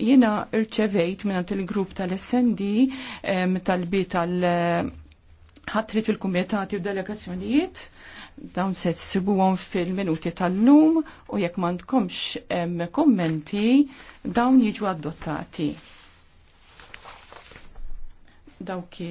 Jina irċevejt minna il-grupp tal-SND tal-bi tal-ħatrit fil-kumitati u delegazzjonijiet dawn se tsibuhom fil-minuti tal-lum u jekk m'għandkomx kommenti dawn jiġu adottati. Dawk